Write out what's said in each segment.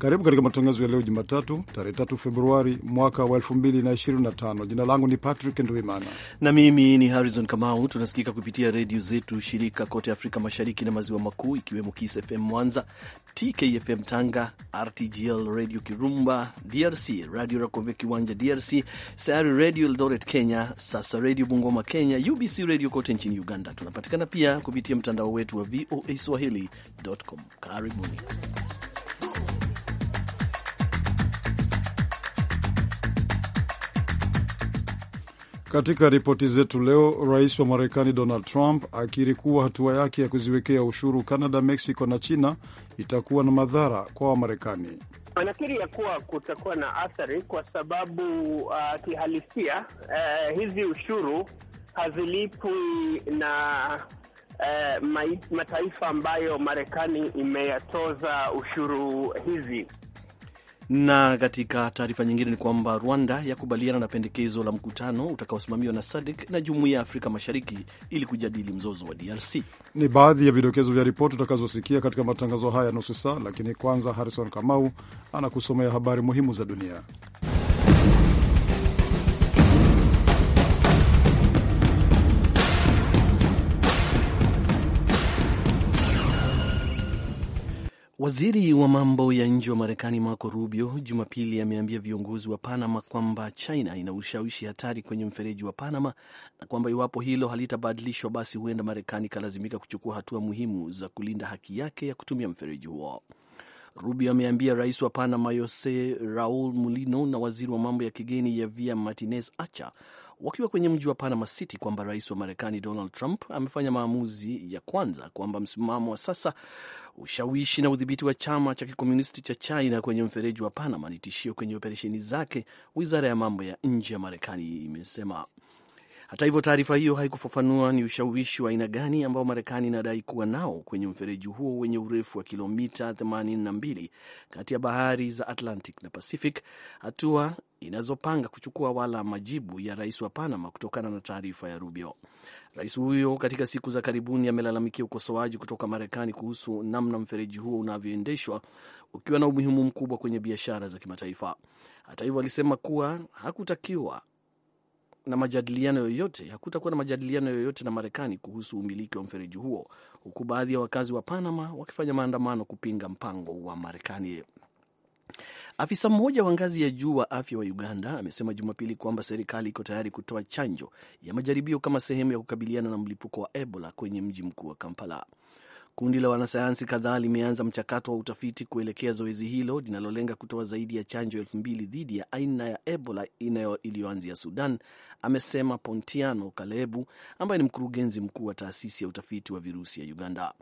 Karibu katika matangazo ya leo Jumatatu, tarehe 3 Februari mwaka wa tano. Jina langu ni Patrick Nduimana na mimi ni Harrison Kamau. Tunasikika kupitia redio zetu shirika kote Afrika Mashariki na Maziwa Makuu, ikiwemo Kiss FM Mwanza, TKFM Tanga, RTGL Radio Kirumba DRC, Radio Rakove Kiwanja DRC, Sayari Radio Eldoret Kenya, Sasa Radio Bungoma Kenya, UBC Radio kote nchini Uganda. Tunapatikana pia kupitia mtandao wetu wa VOA Swahili.com. Karibuni. Katika ripoti zetu leo, rais wa Marekani Donald Trump akiri kuwa hatua yake ya kuziwekea ushuru Canada, Mexico na China itakuwa na madhara kwa Wamarekani. Anakiri ya kuwa kutakuwa na athari kwa sababu uh, kihalisia uh, hizi ushuru hazilipwi na uh, mataifa ambayo Marekani imeyatoza ushuru hizi. Na katika taarifa nyingine ni kwamba Rwanda yakubaliana na pendekezo la mkutano utakaosimamiwa na SADC na Jumuiya ya Afrika Mashariki ili kujadili mzozo wa DRC. Ni baadhi ya vidokezo vya ripoti utakazosikia katika matangazo haya nusu saa, lakini kwanza Harrison Kamau anakusomea habari muhimu za dunia. Waziri wa mambo ya nje wa Marekani Marco Rubio Jumapili ameambia viongozi wa Panama kwamba China ina ushawishi hatari kwenye mfereji wa Panama na kwamba iwapo hilo halitabadilishwa, basi huenda Marekani ikalazimika kuchukua hatua muhimu za kulinda haki yake ya kutumia mfereji huo. Rubio ameambia rais wa Panama Jose Raul Mulino na waziri wa mambo ya kigeni Javier Martinez Acha wakiwa kwenye mji wa Panama City kwamba rais wa Marekani Donald Trump amefanya maamuzi ya kwanza kwamba msimamo wa sasa, ushawishi na udhibiti wa chama cha kikomunisti cha China kwenye mfereji wa Panama ni tishio kwenye operesheni zake, wizara ya mambo ya nje ya Marekani imesema. Hata hivyo, taarifa hiyo haikufafanua ni ushawishi wa aina gani ambao Marekani inadai kuwa nao kwenye mfereji huo wenye urefu wa kilomita 82 kati ya bahari za Atlantic na Pacific, hatua inazopanga kuchukua wala majibu ya rais wa Panama kutokana na taarifa ya Rubio. Rais huyo katika siku za karibuni amelalamikia ukosoaji kutoka Marekani kuhusu namna mfereji huo unavyoendeshwa ukiwa na umuhimu mkubwa kwenye biashara za kimataifa. Hata hivyo, alisema kuwa hakutakiwa na majadiliano yoyote, hakutakuwa na majadiliano yoyote na Marekani kuhusu umiliki wa mfereji huo, huku baadhi ya wakazi wa Panama wakifanya maandamano kupinga mpango wa Marekani. Afisa mmoja wa ngazi ya juu wa afya wa Uganda amesema Jumapili kwamba serikali iko tayari kutoa chanjo ya majaribio kama sehemu ya kukabiliana na mlipuko wa Ebola kwenye mji mkuu wa Kampala. Kundi la wanasayansi kadhaa limeanza mchakato wa utafiti kuelekea zoezi hilo linalolenga kutoa zaidi ya chanjo elfu mbili dhidi ya aina ya Ebola iliyoanzia Sudan, amesema Pontiano Kalebu ambaye ni mkurugenzi mkuu wa taasisi ya utafiti wa virusi ya Uganda.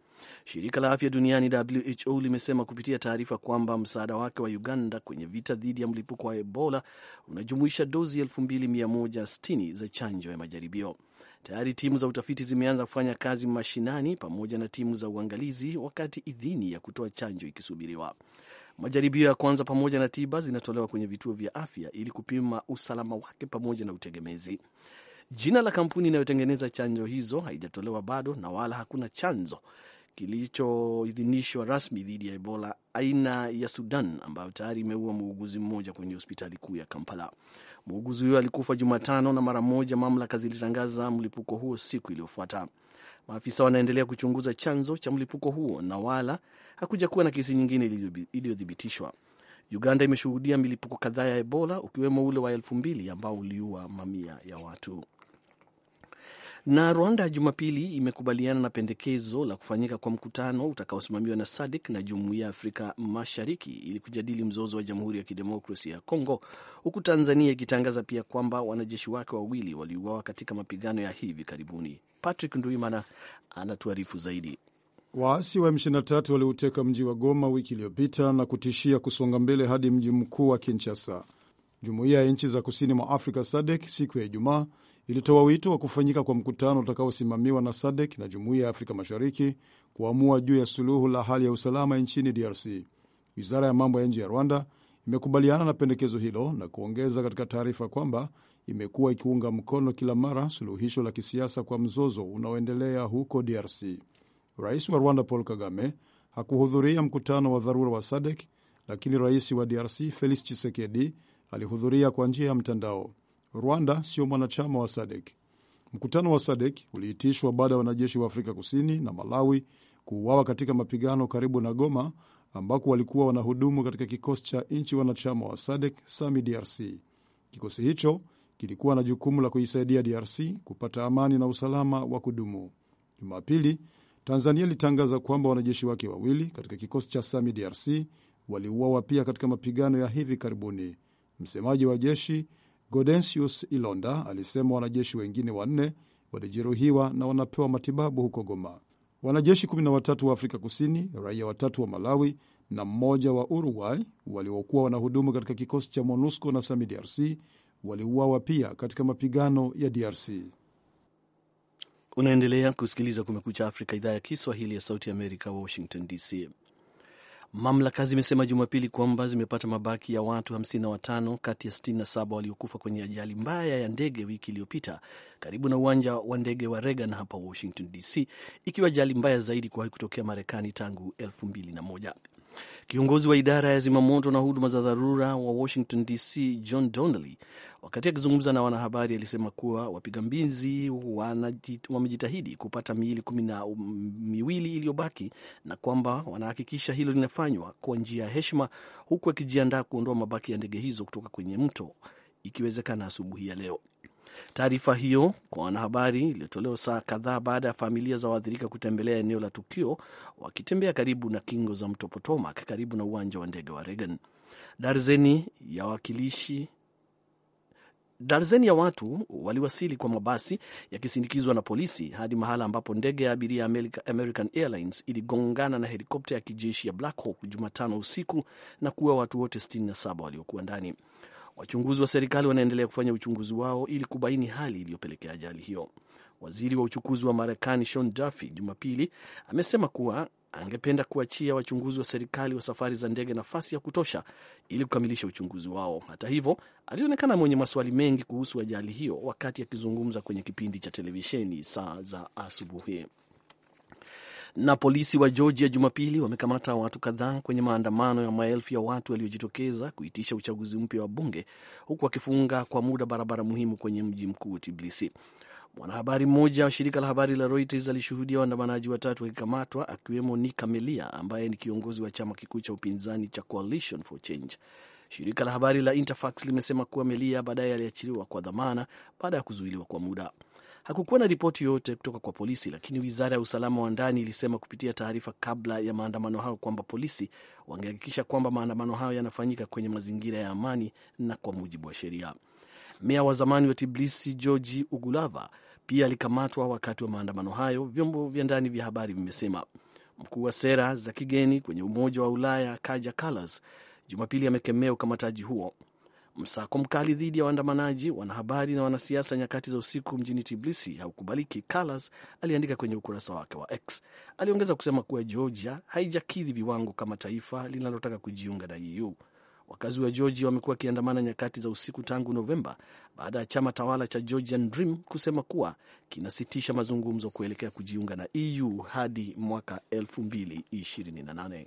Shirika la afya duniani WHO limesema kupitia taarifa kwamba msaada wake wa Uganda kwenye vita dhidi ya mlipuko wa Ebola unajumuisha dozi 2160 za chanjo ya majaribio. Tayari timu za utafiti zimeanza kufanya kazi mashinani pamoja na timu za uangalizi, wakati idhini ya kutoa chanjo ikisubiriwa. Majaribio ya kwanza pamoja na tiba zinatolewa kwenye vituo vya afya ili kupima usalama wake pamoja na utegemezi. Jina la kampuni inayotengeneza chanjo hizo haijatolewa bado na wala hakuna chanzo kilichoidhinishwa rasmi dhidi ya Ebola aina ya Sudan ambayo tayari imeua muuguzi mmoja kwenye hospitali kuu ya Kampala. Muuguzi huyo alikufa Jumatano na mara moja mamlaka zilitangaza mlipuko huo siku iliyofuata. Maafisa wanaendelea kuchunguza chanzo cha mlipuko huo na wala hakuja kuwa na kesi nyingine iliyothibitishwa. Uganda imeshuhudia milipuko kadhaa ya Ebola, ukiwemo ule wa elfu mbili ambao uliua mamia ya watu. Na Rwanda Jumapili imekubaliana na pendekezo la kufanyika kwa mkutano utakaosimamiwa na SADC na Jumuiya ya Afrika Mashariki ili kujadili mzozo wa Jamhuri ya Kidemokrasia ya Kongo, huku Tanzania ikitangaza pia kwamba wanajeshi wake wawili waliuawa katika mapigano ya hivi karibuni. Patrick Nduimana anatuarifu zaidi. Waasi wa M23 waliuteka mji wa Goma wiki iliyopita na kutishia kusonga mbele hadi mji mkuu wa Kinshasa. Jumuiya ya nchi za kusini mwa Afrika SADC siku ya Ijumaa ilitoa wito wa kufanyika kwa mkutano utakaosimamiwa na SADC na Jumuiya ya Afrika Mashariki kuamua juu ya suluhu la hali ya usalama nchini DRC. Wizara ya mambo ya nje ya Rwanda imekubaliana na pendekezo hilo na kuongeza katika taarifa kwamba imekuwa ikiunga mkono kila mara suluhisho la kisiasa kwa mzozo unaoendelea huko DRC. Rais wa Rwanda Paul Kagame hakuhudhuria mkutano wa dharura wa SADC, lakini rais wa DRC Felix Tshisekedi alihudhuria kwa njia ya mtandao. Rwanda sio mwanachama wa SADC. Mkutano wa SADC uliitishwa baada ya wanajeshi wa Afrika Kusini na Malawi kuuawa katika mapigano karibu na Goma ambako walikuwa wanahudumu katika kikosi cha nchi wanachama wa SADC SAMI DRC. Kikosi hicho kilikuwa na jukumu la kuisaidia DRC kupata amani na usalama wa kudumu. Jumapili, Tanzania ilitangaza kwamba wanajeshi wake wawili katika kikosi cha SAMI DRC waliuawa pia katika mapigano ya hivi karibuni. Msemaji wa jeshi godensius Ilonda alisema wanajeshi wengine wanne walijeruhiwa na wanapewa matibabu huko Goma. Wanajeshi 13 wa Afrika Kusini, raia watatu wa Malawi na mmoja wa Uruguay waliokuwa wanahudumu katika kikosi cha MONUSCO na SAMI DRC waliuawa pia katika mapigano ya DRC. Unaendelea kusikiliza Kumekucha Afrika, idhaa ya Kiswahili ya Sauti ya Amerika, Washington DC. Mamlaka zimesema Jumapili kwamba zimepata mabaki ya watu 55 kati ya 67 waliokufa kwenye ajali mbaya ya ndege wiki iliyopita karibu na uwanja wa ndege wa Reagan hapa Washington DC, ikiwa ajali mbaya zaidi kuwahi kutokea Marekani tangu 2001. Kiongozi wa idara ya zimamoto na huduma za dharura wa Washington DC, John Donnelly, wakati akizungumza na wanahabari, alisema kuwa wapiga mbizi wamejitahidi kupata miili kumi na miwili iliyobaki na kwamba wanahakikisha hilo linafanywa kwa njia ya heshima, huku akijiandaa kuondoa mabaki ya ndege hizo kutoka kwenye mto ikiwezekana asubuhi ya leo. Taarifa hiyo kwa wanahabari iliyotolewa saa kadhaa baada ya familia za waathirika kutembelea eneo la tukio, wakitembea karibu na kingo za mto Potomac karibu na uwanja wa ndege wa Reagan. Darzeni ya wakilishi darzeni ya watu waliwasili kwa mabasi yakisindikizwa na polisi hadi mahala ambapo ndege ya abiria American Airlines iligongana na helikopta ya kijeshi ya Black Hawk Jumatano usiku na kuua watu wote 67 waliokuwa ndani. Wachunguzi wa serikali wanaendelea kufanya uchunguzi wao ili kubaini hali iliyopelekea ajali hiyo. Waziri wa uchukuzi wa Marekani Sean Duffy Jumapili amesema kuwa angependa kuachia wachunguzi wa serikali wa safari za ndege nafasi ya kutosha ili kukamilisha uchunguzi wao. Hata hivyo, alionekana mwenye maswali mengi kuhusu ajali hiyo wakati akizungumza kwenye kipindi cha televisheni saa za asubuhi na polisi wa Georgia Jumapili wamekamata watu kadhaa kwenye maandamano ya maelfu ya watu waliojitokeza kuitisha uchaguzi mpya wa bunge huku wakifunga kwa muda barabara muhimu kwenye mji mkuu Tbilisi. Mwanahabari mmoja wa shirika la habari la Reuters alishuhudia waandamanaji watatu wakikamatwa akiwemo Nika Melia ambaye ni kiongozi wa chama kikuu cha upinzani cha Coalition for Change. Shirika la habari la Interfax limesema kuwa Melia baadaye aliachiliwa kwa dhamana baada ya kuzuiliwa kwa muda. Hakukuwa na ripoti yoyote kutoka kwa polisi, lakini wizara ya usalama wa ndani ilisema kupitia taarifa kabla ya maandamano hayo kwamba polisi wangehakikisha kwamba maandamano hayo yanafanyika kwenye mazingira ya amani na kwa mujibu wa sheria. Meya wa zamani wa Tbilisi Georgi Ugulava pia alikamatwa wakati wa maandamano hayo, vyombo vya ndani vya habari vimesema. Mkuu wa sera za kigeni kwenye Umoja wa Ulaya Kaja Kallas Jumapili amekemea ukamataji huo Msako mkali dhidi ya waandamanaji, wanahabari na wanasiasa nyakati za usiku mjini Tbilisi haukubaliki, carlas aliandika kwenye ukurasa wake wa X. Aliongeza kusema kuwa Georgia haijakidhi viwango kama taifa linalotaka kujiunga na EU. Wakazi wa Georgia wamekuwa wakiandamana nyakati za usiku tangu Novemba baada ya chama tawala cha Georgian Dream kusema kuwa kinasitisha mazungumzo kuelekea kujiunga na EU hadi mwaka 2028.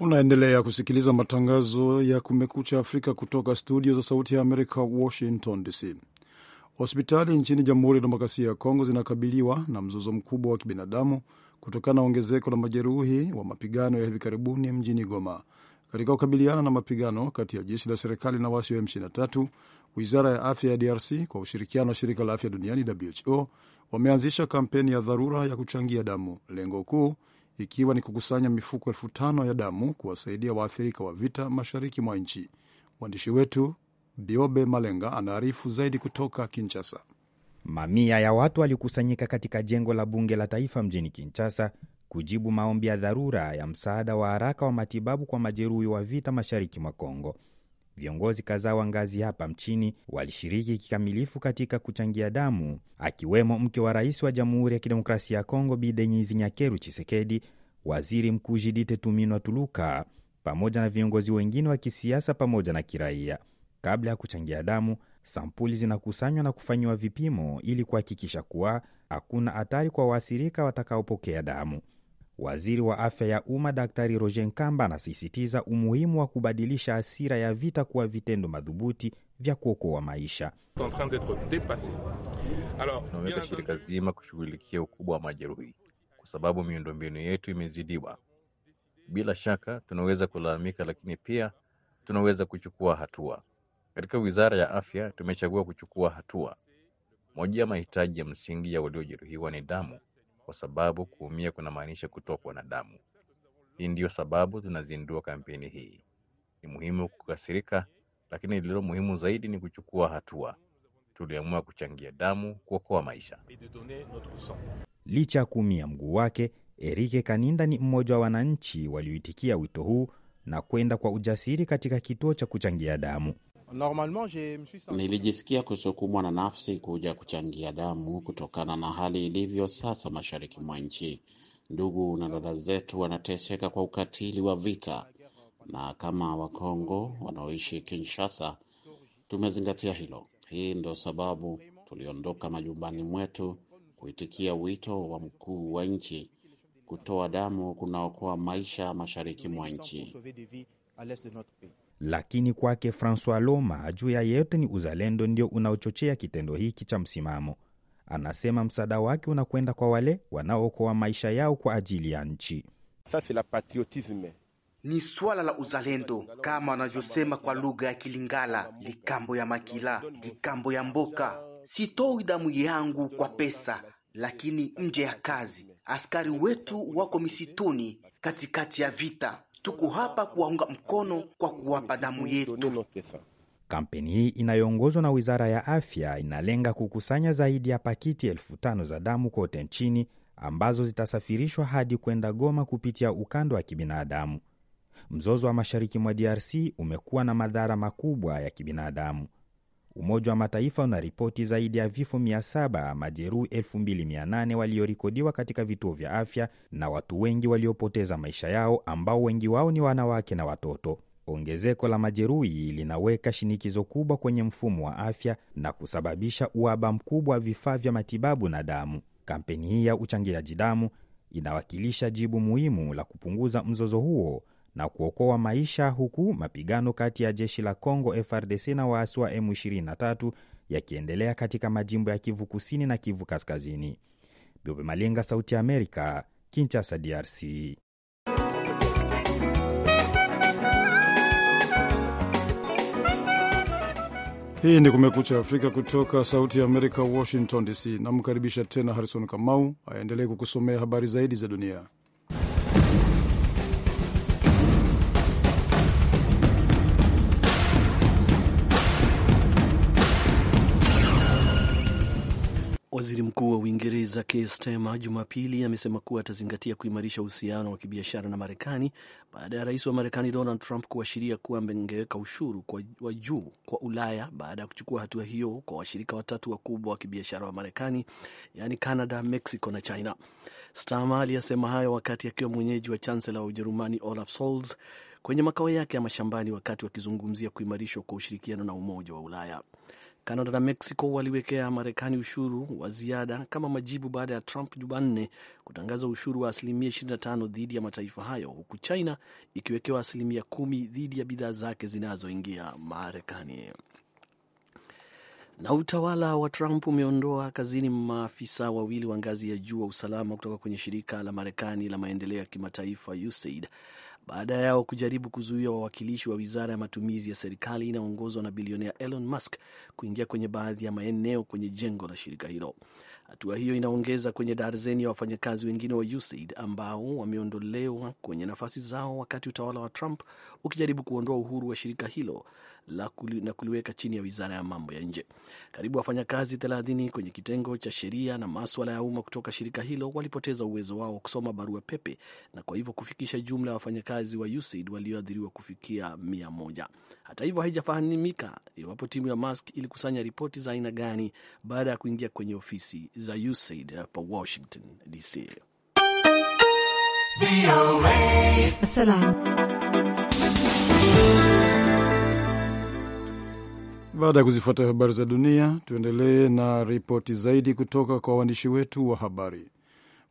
Unaendelea kusikiliza matangazo ya Kumekucha Afrika kutoka studio za Sauti ya Amerika, Washington DC. Hospitali nchini Jamhuri ya Demokrasia ya Kongo zinakabiliwa na mzozo mkubwa wa kibinadamu kutokana na ongezeko la majeruhi wa mapigano ya hivi karibuni mjini Goma. Katika kukabiliana na mapigano kati ya jeshi la serikali na waasi wa M23, wizara ya afya ya DRC kwa ushirikiano wa shirika la afya duniani WHO wameanzisha kampeni ya dharura ya kuchangia damu. Lengo kuu ikiwa ni kukusanya mifuko elfu tano ya damu kuwasaidia waathirika wa vita mashariki mwa nchi. Mwandishi wetu Biobe Malenga anaarifu zaidi kutoka Kinshasa. Mamia ya watu walikusanyika katika jengo la bunge la taifa mjini Kinshasa kujibu maombi ya dharura ya msaada wa haraka wa matibabu kwa majeruhi wa vita mashariki mwa Kongo. Viongozi kadhaa wa ngazi hapa mchini walishiriki kikamilifu katika kuchangia damu, akiwemo mke wa rais wa Jamhuri ya Kidemokrasia ya Kongo Bi Nyakeru Chisekedi, waziri mkuu jidite Tuminwa Tuluka pamoja na viongozi wengine wa kisiasa pamoja na kiraia. Kabla ya kuchangia damu, sampuli zinakusanywa na kufanyiwa vipimo ili kuhakikisha kuwa hakuna hatari kwa waathirika watakaopokea damu. Waziri wa afya ya umma Daktari Roger Nkamba anasisitiza umuhimu wa kubadilisha hasira ya vita kuwa vitendo madhubuti vya kuokoa maisha. Tunaweka shirika zima kushughulikia ukubwa wa majeruhi, kwa sababu miundombinu yetu imezidiwa. Bila shaka tunaweza kulalamika, lakini pia tunaweza kuchukua hatua. Katika wizara ya afya tumechagua kuchukua hatua. Moja ya mahitaji ya msingi ya waliojeruhiwa ni damu kwa sababu kuumia kunamaanisha kutokwa na damu. Hii ndiyo sababu tunazindua kampeni hii. Ni muhimu kukasirika, lakini lililo muhimu zaidi ni kuchukua hatua. Tuliamua kuchangia damu kuokoa maisha. Licha ya kuumia mguu wake, Erike Kaninda ni mmoja wa wananchi walioitikia wito huu na kwenda kwa ujasiri katika kituo cha kuchangia damu. Nilijisikia kusukumwa na nafsi kuja kuchangia damu kutokana na hali ilivyo sasa mashariki mwa nchi. Ndugu na dada zetu wanateseka kwa ukatili wa vita, na kama Wakongo wanaoishi Kinshasa tumezingatia hilo. Hii ndo sababu tuliondoka majumbani mwetu kuitikia wito wa mkuu wa nchi kutoa damu kunaokoa maisha mashariki mwa nchi lakini kwake Francois Loma, juu ya yeyote ni uzalendo ndio unaochochea kitendo hiki cha msimamo. Anasema msaada wake unakwenda kwa wale wanaookoa maisha yao kwa ajili ya nchi. ni swala la uzalendo kama wanavyosema kwa lugha ya Kilingala, likambo ya makila, likambo ya mboka. Sitoi damu yangu kwa pesa, lakini nje ya kazi. Askari wetu wako misituni katikati ya vita tuko hapa kuwaunga mkono kwa kuwapa damu yetu. Kampeni hii inayoongozwa na wizara ya afya inalenga kukusanya zaidi ya pakiti elfu tano za damu kote nchini ambazo zitasafirishwa hadi kwenda Goma kupitia ukando wa kibinadamu. Mzozo wa mashariki mwa DRC umekuwa na madhara makubwa ya kibinadamu. Umoja wa Mataifa una ripoti zaidi ya vifo 700, majeruhi 2800 waliorekodiwa katika vituo vya afya na watu wengi waliopoteza maisha yao ambao wengi wao ni wanawake na watoto. Ongezeko la majeruhi linaweka shinikizo kubwa kwenye mfumo wa afya na kusababisha uhaba mkubwa wa vifaa vya matibabu na damu. Kampeni hii ya uchangiaji damu inawakilisha jibu muhimu la kupunguza mzozo huo na kuokoa maisha, huku mapigano kati ya jeshi la Congo FRDC na waasi wa M23 yakiendelea katika majimbo ya Kivu Kusini na Kivu Kaskazini. Biobe Malenga, Sauti ya Amerika, kinchasa DRC. Hii ni Kumekucha Afrika kutoka Sauti ya Amerika, Washington DC. Namkaribisha tena Harrison Kamau aendelee kukusomea habari zaidi za dunia. Waziri Mkuu wa Uingereza Keir Starmer Jumapili amesema kuwa atazingatia kuimarisha uhusiano wa kibiashara na Marekani baada ya rais wa Marekani Donald Trump kuashiria kuwa amengeweka ushuru wa juu kwa Ulaya baada ya kuchukua hatua hiyo kwa washirika watatu wakubwa wa kibiashara wa Marekani, yaani Canada, Mexico na China. Starmer aliyasema hayo wakati akiwa mwenyeji wa chansela wa Ujerumani Olaf Scholz kwenye makao yake ya mashambani wakati wakizungumzia kuimarishwa kwa ushirikiano na Umoja wa Ulaya kanada na Mexico waliwekea Marekani ushuru wa ziada kama majibu baada ya Trump Jumanne kutangaza ushuru wa asilimia 25 dhidi ya mataifa hayo, huku China ikiwekewa asilimia kumi dhidi ya bidhaa zake zinazoingia Marekani. Na utawala wa Trump umeondoa kazini maafisa wawili wa ngazi ya juu wa usalama kutoka kwenye shirika la Marekani la maendeleo ya kimataifa USAID baada yao kujaribu kuzuia wawakilishi wa wizara ya matumizi ya serikali inayoongozwa na bilionea Elon Musk kuingia kwenye baadhi ya maeneo kwenye jengo la shirika hilo. Hatua hiyo inaongeza kwenye darzeni ya wafanyakazi wengine wa USAID ambao wameondolewa kwenye nafasi zao wakati utawala wa Trump ukijaribu kuondoa uhuru wa shirika hilo kuli, na kuliweka chini ya wizara ya mambo ya nje. Karibu wafanyakazi 30 kwenye kitengo cha sheria na maswala ya umma kutoka shirika hilo walipoteza uwezo wao wa kusoma barua pepe na kwa hivyo kufikisha jumla ya wafanyakazi wa USAID walioathiriwa kufikia mia moja. Hata hivyo, haijafahamika iwapo timu ya Musk ilikusanya ripoti za aina gani baada ya kuingia kwenye ofisi za USAID hapa Washington DC. Salam. Baada ya kuzifuata habari za dunia, tuendelee na ripoti zaidi kutoka kwa waandishi wetu wa habari.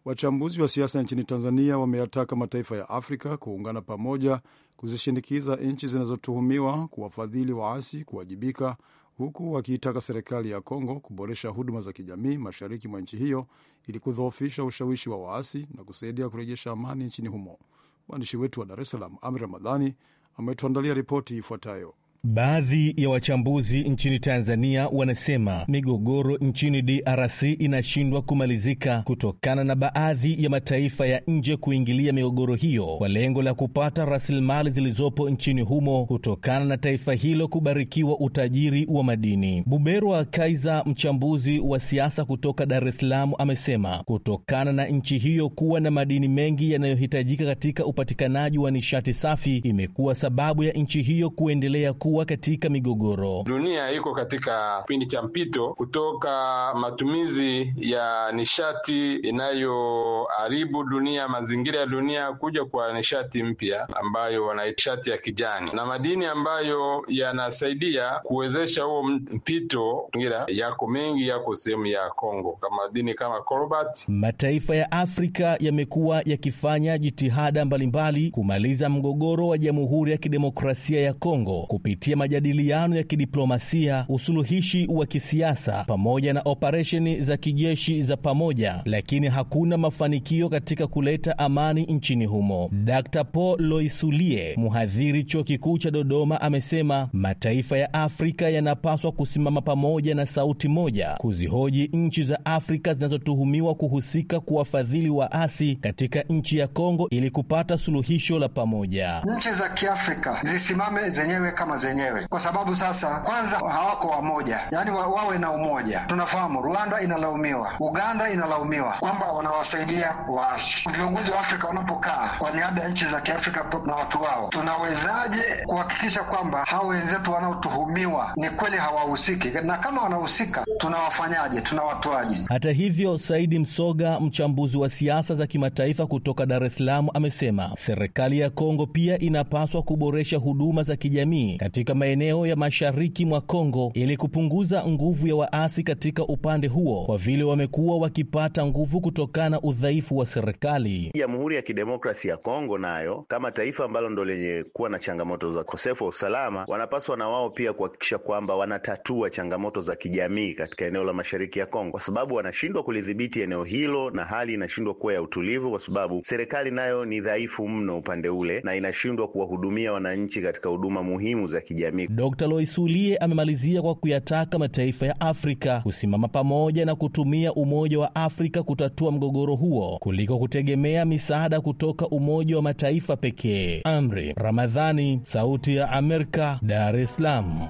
Wachambuzi wa siasa nchini Tanzania wameyataka mataifa ya Afrika kuungana pamoja kuzishinikiza nchi zinazotuhumiwa kuwafadhili waasi kuwajibika, huku wakiitaka serikali ya Kongo kuboresha huduma za kijamii mashariki mwa nchi hiyo ili kudhoofisha ushawishi wa waasi na kusaidia kurejesha amani nchini humo. Mwandishi wetu wa Dar es Salaam, Ramadhani, ametuandalia ripoti ifuatayo. Baadhi ya wachambuzi nchini Tanzania wanasema migogoro nchini DRC inashindwa kumalizika kutokana na baadhi ya mataifa ya nje kuingilia migogoro hiyo kwa lengo la kupata rasilimali zilizopo nchini humo kutokana na taifa hilo kubarikiwa utajiri wa madini. Buberwa Kaiza, mchambuzi wa siasa kutoka Dar es Salaam, amesema kutokana na nchi hiyo kuwa na madini mengi yanayohitajika katika upatikanaji wa nishati safi imekuwa sababu ya nchi hiyo kuendelea ku kuwa katika migogoro. Dunia iko katika kipindi cha mpito kutoka matumizi ya nishati inayoharibu dunia, mazingira ya dunia, kuja kwa nishati mpya ambayo wanaita nishati ya kijani na madini ambayo yanasaidia kuwezesha huo mpito. Ngira yako mengi yako sehemu ya Kongo kama madini kama cobalt. Mataifa ya Afrika yamekuwa yakifanya jitihada mbalimbali kumaliza mgogoro wa Jamhuri ya Kidemokrasia ya Kongo kupitia kupitia majadiliano ya kidiplomasia, usuluhishi wa kisiasa pamoja na operesheni za kijeshi za pamoja, lakini hakuna mafanikio katika kuleta amani nchini humo. Dr. Paul Loisulie, mhadhiri chuo kikuu cha Dodoma, amesema mataifa ya Afrika yanapaswa kusimama pamoja na sauti moja kuzihoji nchi za Afrika zinazotuhumiwa kuhusika kuwafadhili waasi katika nchi ya Kongo ili kupata suluhisho la pamoja. Nchi za Kiafrika zisimame zenyewe kama zenyewe zenyewe, kwa sababu sasa kwanza hawako wamoja, yani wa, wawe na umoja. Tunafahamu Rwanda inalaumiwa, Uganda inalaumiwa kwamba wanawasaidia waasi. Viongozi wa Afrika wanapokaa kwa niaba ya nchi za Kiafrika na watu wao, tunawezaje kuhakikisha kwamba hao wenzetu wanaotuhumiwa ni kweli hawahusiki, na kama wanahusika tunawafanyaje? Tunawatoaje? Hata hivyo, Saidi Msoga, mchambuzi wa siasa za kimataifa kutoka Dar es Salaam, amesema serikali ya Kongo pia inapaswa kuboresha huduma za kijamii katika katika maeneo ya mashariki mwa Kongo ili kupunguza nguvu ya waasi katika upande huo, kwa vile wamekuwa wakipata nguvu kutokana udhaifu wa serikali. Jamhuri ya Kidemokrasi ya Kongo nayo kama taifa ambalo ndo lenye kuwa na changamoto za ukosefu wa usalama, wanapaswa na wao pia kuhakikisha kwamba wanatatua changamoto za kijamii katika eneo la mashariki ya Kongo, kwa sababu wanashindwa kulidhibiti eneo hilo na hali inashindwa kuwa ya utulivu, kwa sababu serikali nayo ni dhaifu mno upande ule na inashindwa kuwahudumia wananchi katika huduma muhimu za kijamii. Dkt. Loisulie amemalizia kwa kuyataka mataifa ya Afrika kusimama pamoja na kutumia Umoja wa Afrika kutatua mgogoro huo kuliko kutegemea misaada kutoka Umoja wa Mataifa pekee. Amri Ramadhani, Sauti ya Amerika, Dar es Salaam.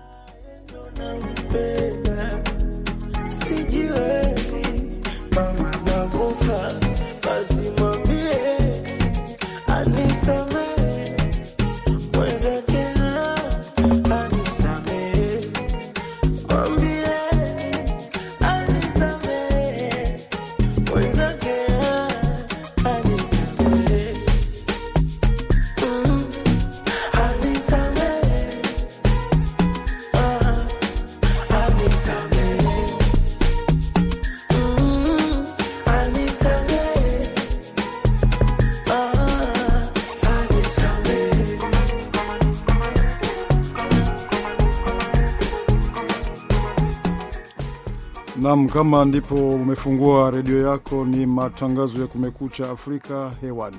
kama ndipo umefungua redio yako, ni matangazo ya Kumekucha Afrika hewani.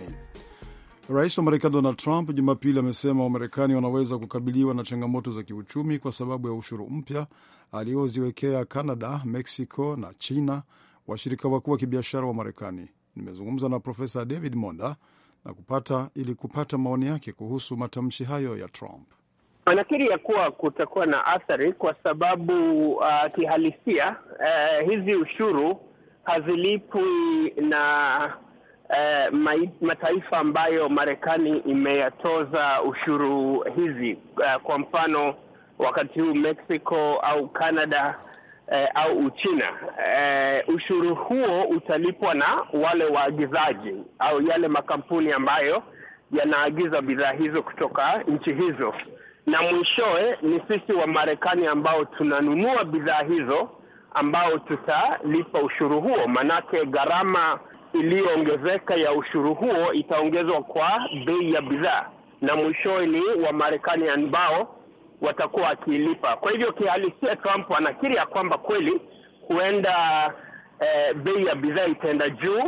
Rais wa Marekani Donald Trump Jumapili amesema Wamarekani wanaweza kukabiliwa na changamoto za kiuchumi kwa sababu ya ushuru mpya alioziwekea Canada, Mexico na China, washirika wakuu wa kibiashara wa Marekani. Nimezungumza na Profesa David Monda na kupata ili kupata maoni yake kuhusu matamshi hayo ya Trump. Anakiri ya kuwa kutakuwa na athari kwa sababu uh, kihalisia uh, hizi ushuru hazilipwi na uh, ma mataifa ambayo Marekani imeyatoza ushuru hizi uh, kwa mfano wakati huu Mexico au Canada uh, au Uchina. uh, ushuru huo utalipwa na wale waagizaji au yale makampuni ambayo yanaagiza bidhaa hizo kutoka nchi hizo na mwishowe ni sisi wa Marekani ambao tunanunua bidhaa hizo ambao tutalipa ushuru huo, manake gharama iliyoongezeka ya ushuru huo itaongezwa kwa bei ya bidhaa, na mwishowe ni Wamarekani ambao watakuwa wakilipa. Kwa hivyo kihalisia, Trump anakiri ya kwamba kweli huenda eh, bei ya bidhaa itaenda juu,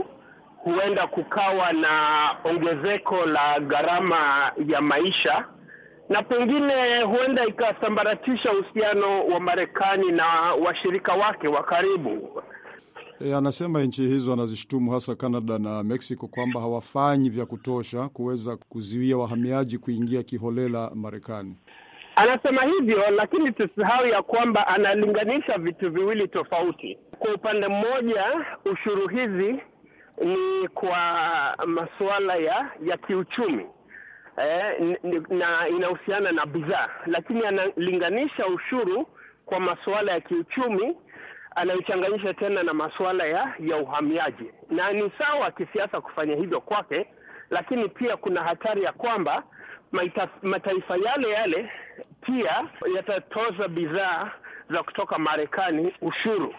huenda kukawa na ongezeko la gharama ya maisha na pengine huenda ikasambaratisha uhusiano wa Marekani na washirika wake wa karibu. E, anasema nchi hizo anazishutumu hasa Canada na Mexico kwamba hawafanyi vya kutosha kuweza kuzuia wahamiaji kuingia kiholela Marekani. Anasema hivyo, lakini tusisahau ya kwamba analinganisha vitu viwili tofauti. Kwa upande mmoja, ushuru hizi ni kwa masuala ya ya kiuchumi eh, na inahusiana na bidhaa, lakini analinganisha ushuru kwa masuala ya kiuchumi anaichanganyisha tena na masuala ya ya uhamiaji, na ni sawa kisiasa kufanya hivyo kwake, lakini pia kuna hatari ya kwamba maita, mataifa yale yale pia yatatoza bidhaa za kutoka Marekani ushuru.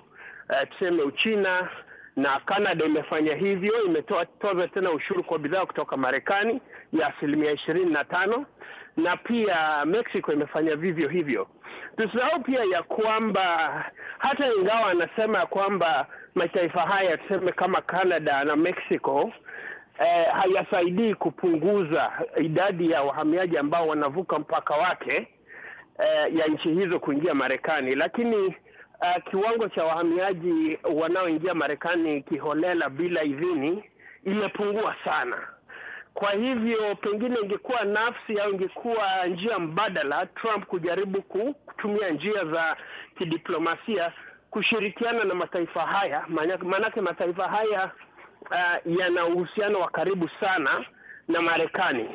eh, tuseme Uchina na Kanada imefanya hivyo, imetoa toza tena ushuru kwa bidhaa kutoka Marekani ya asilimia ishirini na tano na pia Mexico imefanya vivyo hivyo. Tusahau pia ya kwamba hata ingawa anasema ya kwamba mataifa haya tuseme kama Canada na Mexico eh, hayasaidii kupunguza idadi ya wahamiaji ambao wanavuka mpaka wake eh, ya nchi hizo kuingia Marekani, lakini Uh, kiwango cha wahamiaji wanaoingia Marekani kiholela bila idhini imepungua sana. Kwa hivyo pengine ingekuwa nafsi au ingekuwa njia mbadala Trump kujaribu kutumia njia za kidiplomasia kushirikiana na mataifa haya, maanake mataifa haya uh, yana uhusiano wa karibu sana na Marekani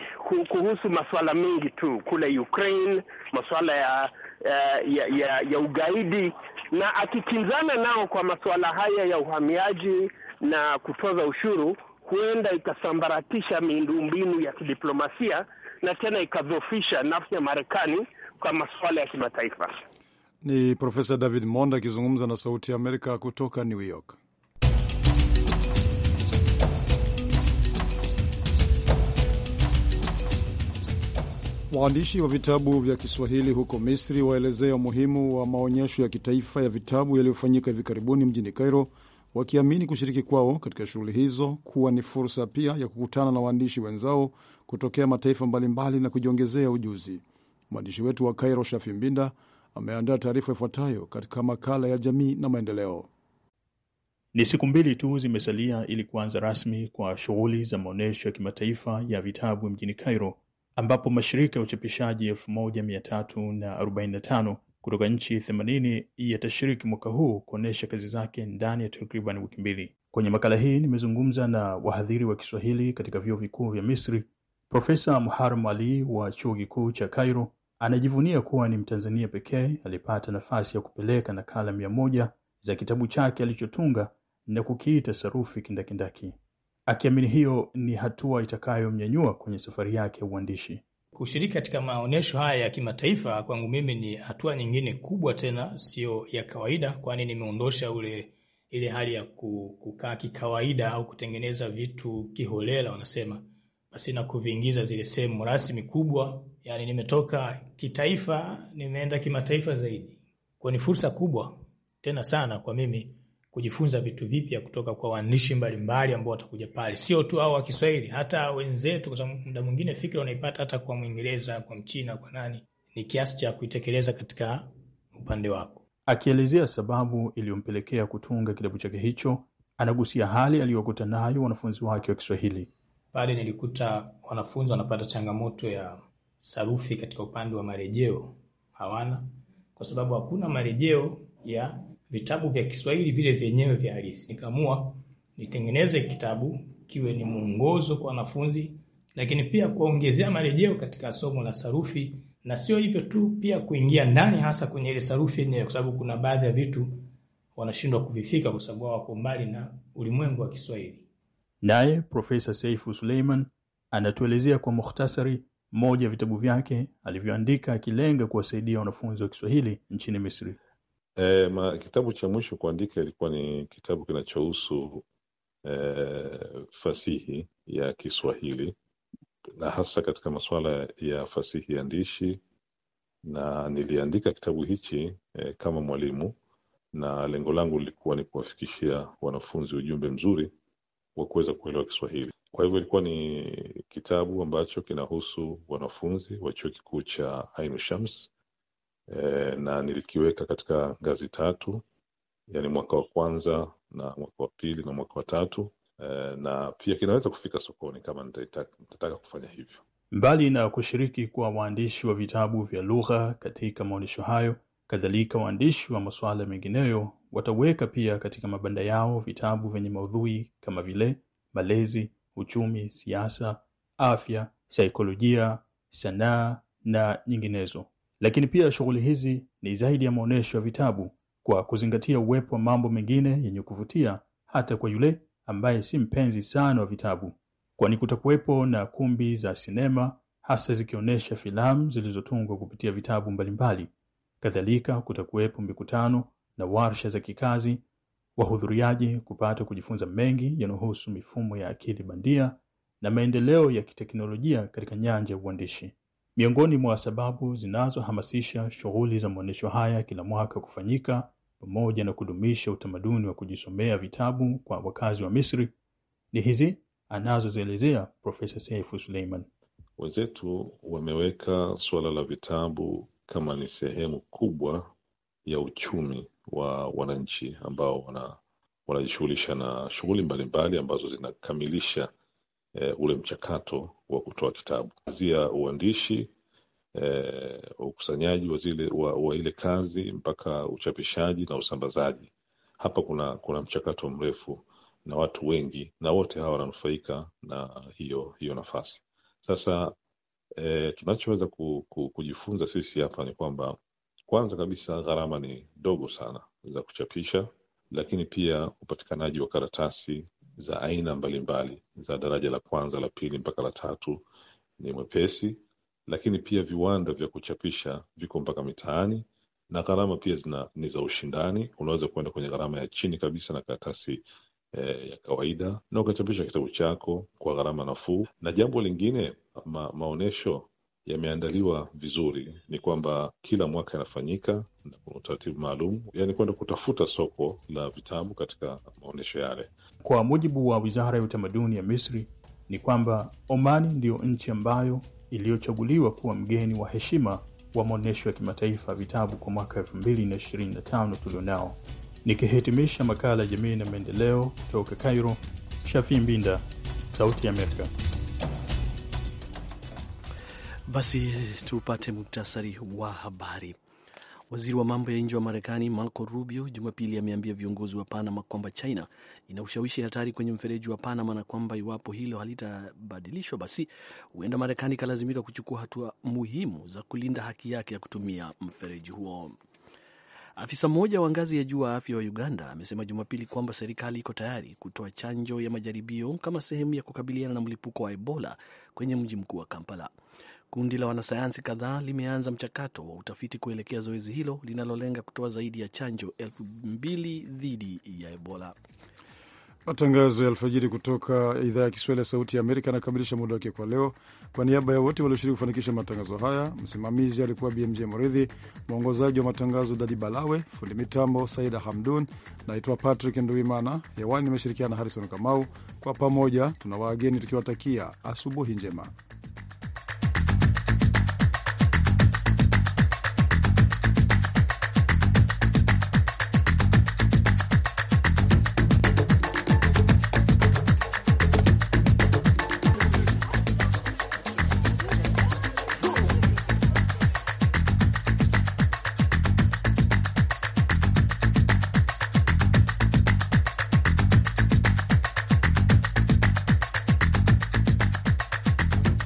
kuhusu masuala mengi tu, kule Ukraine, masuala ya uh, ya, ya ya ugaidi, na akikinzana nao kwa masuala haya ya uhamiaji na kutoza ushuru huenda ikasambaratisha miundombinu ya kidiplomasia na tena ikadhofisha nafsi ya Marekani kwa masuala ya kimataifa. Ni Profesa David Monda akizungumza na Sauti ya Amerika kutoka New York. Waandishi wa vitabu vya Kiswahili huko Misri waelezea umuhimu wa maonyesho ya kitaifa ya vitabu yaliyofanyika hivi karibuni mjini cairo wakiamini kushiriki kwao katika shughuli hizo kuwa ni fursa pia ya kukutana na waandishi wenzao kutokea mataifa mbalimbali na kujiongezea ujuzi. Mwandishi wetu wa Kairo, Shafi Mbinda, ameandaa taarifa ifuatayo katika makala ya jamii na maendeleo. Ni siku mbili tu zimesalia ili kuanza rasmi kwa shughuli za maonyesho ya kimataifa ya vitabu mjini Cairo, ambapo mashirika ya uchapishaji 1345 kutoka nchi 80 yatashiriki mwaka huu kuonyesha kazi zake ndani ya takriban wiki mbili. Kwenye makala hii nimezungumza na wahadhiri wa Kiswahili katika vyuo vikuu vya Misri. Profesa Muharram Ali wa chuo kikuu cha Cairo anajivunia kuwa ni Mtanzania pekee alipata nafasi ya kupeleka nakala mia moja za kitabu chake alichotunga na kukiita Sarufi Kindakindaki, akiamini hiyo ni hatua itakayomnyanyua kwenye safari yake ya uandishi. Kushiriki katika maonyesho haya ya kimataifa kwangu mimi ni hatua nyingine kubwa, tena sio ya kawaida, kwani nimeondosha ule ile hali ya kukaa kikawaida au kutengeneza vitu kiholela wanasema, basi na kuviingiza zile sehemu rasmi kubwa. Yani nimetoka kitaifa, nimeenda kimataifa zaidi, kwa ni fursa kubwa tena sana kwa mimi kujifunza vitu vipya kutoka kwa waandishi mbalimbali ambao watakuja pale, sio tu hao wa Kiswahili, hata wenzetu, kwa sababu muda mwingine fikra unaipata hata kwa Mwingereza, kwa Mchina, kwa nani. Ni kiasi cha kuitekeleza katika upande wako. Akielezea sababu iliyompelekea kutunga kitabu chake hicho, anagusia hali aliyokuta nayo wanafunzi wake wa Kiswahili. Pale nilikuta wanafunzi wanapata changamoto ya sarufi katika upande wa marejeo, hawana kwa sababu hakuna marejeo ya vitabu vya Kiswahili vile vyenyewe vya halisi. Nikaamua nitengeneze kitabu kiwe ni mwongozo kwa wanafunzi, lakini pia kuongezea marejeo katika somo la sarufi, na sio hivyo tu, pia kuingia ndani hasa kwenye ile sarufi yenyewe, kwa sababu kuna baadhi ya vitu wanashindwa kuvifika kwa sababu wako mbali na ulimwengu wa Kiswahili. Naye Profesa Seifu Suleiman anatuelezea kwa mukhtasari moja ya vitabu vyake alivyoandika akilenga kuwasaidia wanafunzi wa Kiswahili nchini Misri. E, ma, kitabu cha mwisho kuandika ilikuwa ni kitabu kinachohusu e, fasihi ya Kiswahili na hasa katika masuala ya fasihi ya ndishi na niliandika kitabu hichi e, kama mwalimu, na lengo langu lilikuwa ni kuwafikishia wanafunzi ujumbe mzuri wa kuweza kuelewa Kiswahili. Kwa hivyo ilikuwa ni kitabu ambacho kinahusu wanafunzi wa chuo kikuu cha Ain Shams e, na nilikiweka katika ngazi tatu, yani mwaka wa kwanza na mwaka wa pili na mwaka wa tatu e, na pia kinaweza kufika sokoni kama nitataka kufanya hivyo. Mbali na kushiriki kwa waandishi wa vitabu vya lugha katika maonyesho hayo, kadhalika waandishi wa masuala mengineyo wataweka pia katika mabanda yao vitabu vyenye maudhui kama vile malezi, uchumi, siasa, afya, saikolojia, sanaa na nyinginezo. Lakini pia shughuli hizi ni zaidi ya maonyesho ya vitabu kwa kuzingatia uwepo wa mambo mengine yenye kuvutia hata kwa yule ambaye si mpenzi sana wa vitabu, kwani kutakuwepo na kumbi za sinema hasa zikionyesha filamu zilizotungwa kupitia vitabu mbalimbali. Kadhalika, kutakuwepo mikutano na warsha za kikazi, wahudhuriaji kupata kujifunza mengi yanayohusu mifumo ya akili bandia na maendeleo ya kiteknolojia katika nyanja ya uandishi. Miongoni mwa sababu zinazohamasisha shughuli za maonyesho haya kila mwaka kufanyika pamoja na kudumisha utamaduni wa kujisomea vitabu kwa wakazi wa Misri ni hizi anazozielezea Profesa Saifu Suleiman. Wenzetu wameweka suala la vitabu kama ni sehemu kubwa ya uchumi wa wananchi ambao wanajishughulisha na shughuli mbalimbali ambazo zinakamilisha e, ule mchakato wa kutoa kitabu kuanzia uandishi e, ukusanyaji wa, zile, wa, wa ile kazi mpaka uchapishaji na usambazaji. Hapa kuna, kuna mchakato mrefu na watu wengi na wote hawa wananufaika na hiyo, hiyo nafasi. Sasa e, tunachoweza ku, ku, kujifunza sisi hapa ni kwamba kwanza kabisa gharama ni ndogo sana za kuchapisha, lakini pia upatikanaji wa karatasi za aina mbalimbali za daraja la kwanza, la pili mpaka la tatu ni mwepesi, lakini pia viwanda vya kuchapisha viko mpaka mitaani na gharama pia zina, ni za ushindani. Unaweza kuenda kwenye gharama ya chini kabisa na karatasi eh, ya kawaida na ukachapisha kitabu chako kwa gharama nafuu. Na jambo lingine ma, maonyesho yameandaliwa vizuri, ni kwamba kila mwaka yanafanyika na kuna utaratibu maalum, yani kwenda kutafuta soko la vitabu katika maonyesho yale. Kwa mujibu wa wizara ya utamaduni ya Misri ni kwamba Omani ndiyo nchi ambayo iliyochaguliwa kuwa mgeni wa heshima wa maonyesho ya kimataifa ya vitabu kwa mwaka 2025 tulionao. Nikihitimisha makala ya jamii na maendeleo kutoka Cairo, Shafii Mbinda, Sauti ya Amerika. Basi tupate muktasari wa habari. Waziri wa mambo ya nje wa Marekani Marco Rubio Jumapili ameambia viongozi wa Panama kwamba China ina ushawishi hatari kwenye mfereji wa Panama na kwamba iwapo hilo halitabadilishwa, basi huenda Marekani ikalazimika kuchukua hatua muhimu za kulinda haki yake ya kutumia mfereji huo. Afisa mmoja wa ngazi ya juu wa afya wa Uganda amesema Jumapili kwamba serikali iko tayari kutoa chanjo ya majaribio kama sehemu ya kukabiliana na mlipuko wa Ebola kwenye mji mkuu wa Kampala. Kundi la wanasayansi kadhaa limeanza mchakato wa utafiti kuelekea zoezi hilo linalolenga kutoa zaidi ya chanjo elfu mbili dhidi ya Ebola. Matangazo ya alfajiri kutoka idhaa ya Kiswahili ya Sauti ya Amerika yanakamilisha muda wake kwa leo. Kwa niaba ya wote walioshiriki kufanikisha matangazo haya, msimamizi alikuwa BMJ Mridhi, mwongozaji wa matangazo Dadi Balawe, fundi mitambo Saida Hamdun. Naitwa Patrick Nduimana, hewani nimeshirikiana na Harrison Kamau. Kwa pamoja tuna waageni tukiwatakia asubuhi njema.